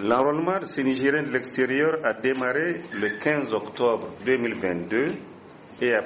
L'enrôlement des Nigériens de l'extérieur a démarré le 15 octobre 2022 E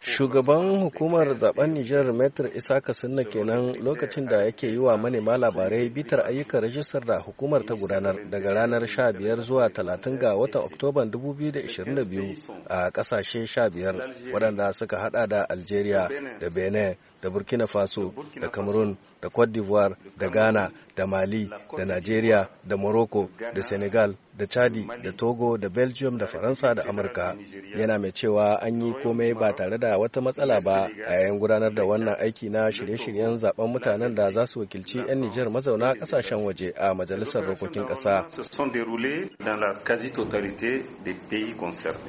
Shugaban hukumar zaben Nijar Metr Isaka Sunna kenan lokacin da yake yi wa manema labarai bitar ayyukan rajistar da hukumar ta gudanar daga ranar 15 zuwa 30 ga watan Oktoban 2022 a kasashe 15 wadanda suka hada da Algeria da Benin da Burkina Faso da Cameroon da Cote d'Ivoire da Ghana da Mali da Nigeria da Morocco da Senegal da chadi da togo da belgium da faransa da amurka yana mai cewa an yi komai ba tare da wata matsala ba a yayin gudanar da wannan aiki na shirye-shiryen zaben mutanen da za su wakilci 'yan nijar mazauna kasashen waje a majalisar Rokokin ƙasa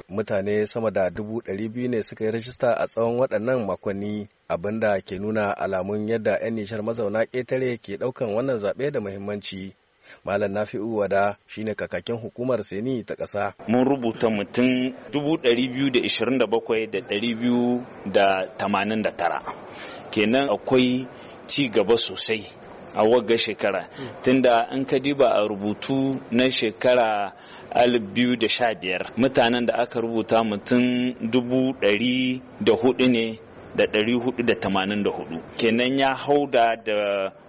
mutane sama da dubu ɗari biyu ne suka yi rajista a tsawon waɗannan makonni abinda ke nuna alamun yadda 'yan nijar mazauna ƙetare ke ɗaukan wannan zaɓe da muhimmanci Malam Nafi'u Wada shine kakakin hukumar Seni ta ƙasa. Mun rubuta mutum 227,289 kenan akwai ci gaba sosai a wagga shekara tunda an ka diba a rubutu na shekara da 2015 mutanen da aka rubuta mutum hudu ne da ɗari da kenan ya hau da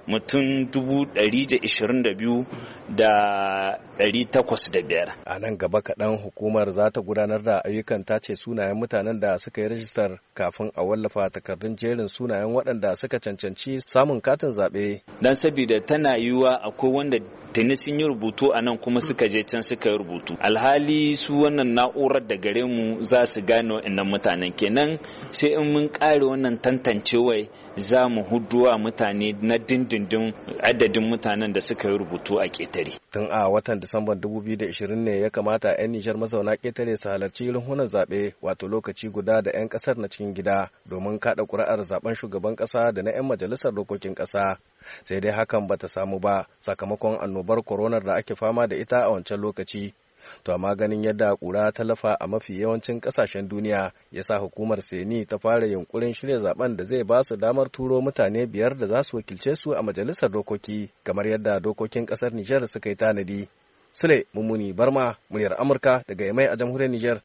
mutum dubu da ishirin da da ɗari takwas da biyar. A nan gaba kaɗan hukumar za ta gudanar da ayyukan ta ce sunayen mutanen da suka yi rajistar kafin a wallafa takardun jerin sunayen waɗanda suka cancanci samun katin zaɓe. Don sabida tana yiwuwa akwai wanda tuni sun yi rubutu a nan kuma suka je can suka yi rubutu alhali su wannan na'urar da gare mu za su gano wa'annan mutanen kenan sai in mun kare wannan tantancewai za mu huduwa mutane na dindindin adadin mutanen da suka yi rubutu a ƙetare tun a watan disamban 2020 ne ya kamata 'yan nijar mazauna ƙetare su halarci runhunan zaɓe wato lokaci guda da 'yan ƙasar na cikin gida domin kaɗa ƙuri'ar zaɓen shugaban ƙasa da na 'yan majalisar dokokin ƙasa sai dai hakan bata samu ba sakamakon annoba annobar koronar da ake fama da ita a wancan lokaci to amma ganin yadda kura ta lafa a mafi yawancin kasashen duniya ya sa hukumar seni ta fara yunkurin shirya zaben da zai ba su damar turo mutane biyar da za su wakilce su a majalisar dokoki kamar yadda dokokin kasar nijar suka yi tanadi sule mummuni barma muryar amurka daga yamai a jamhuriyar nijar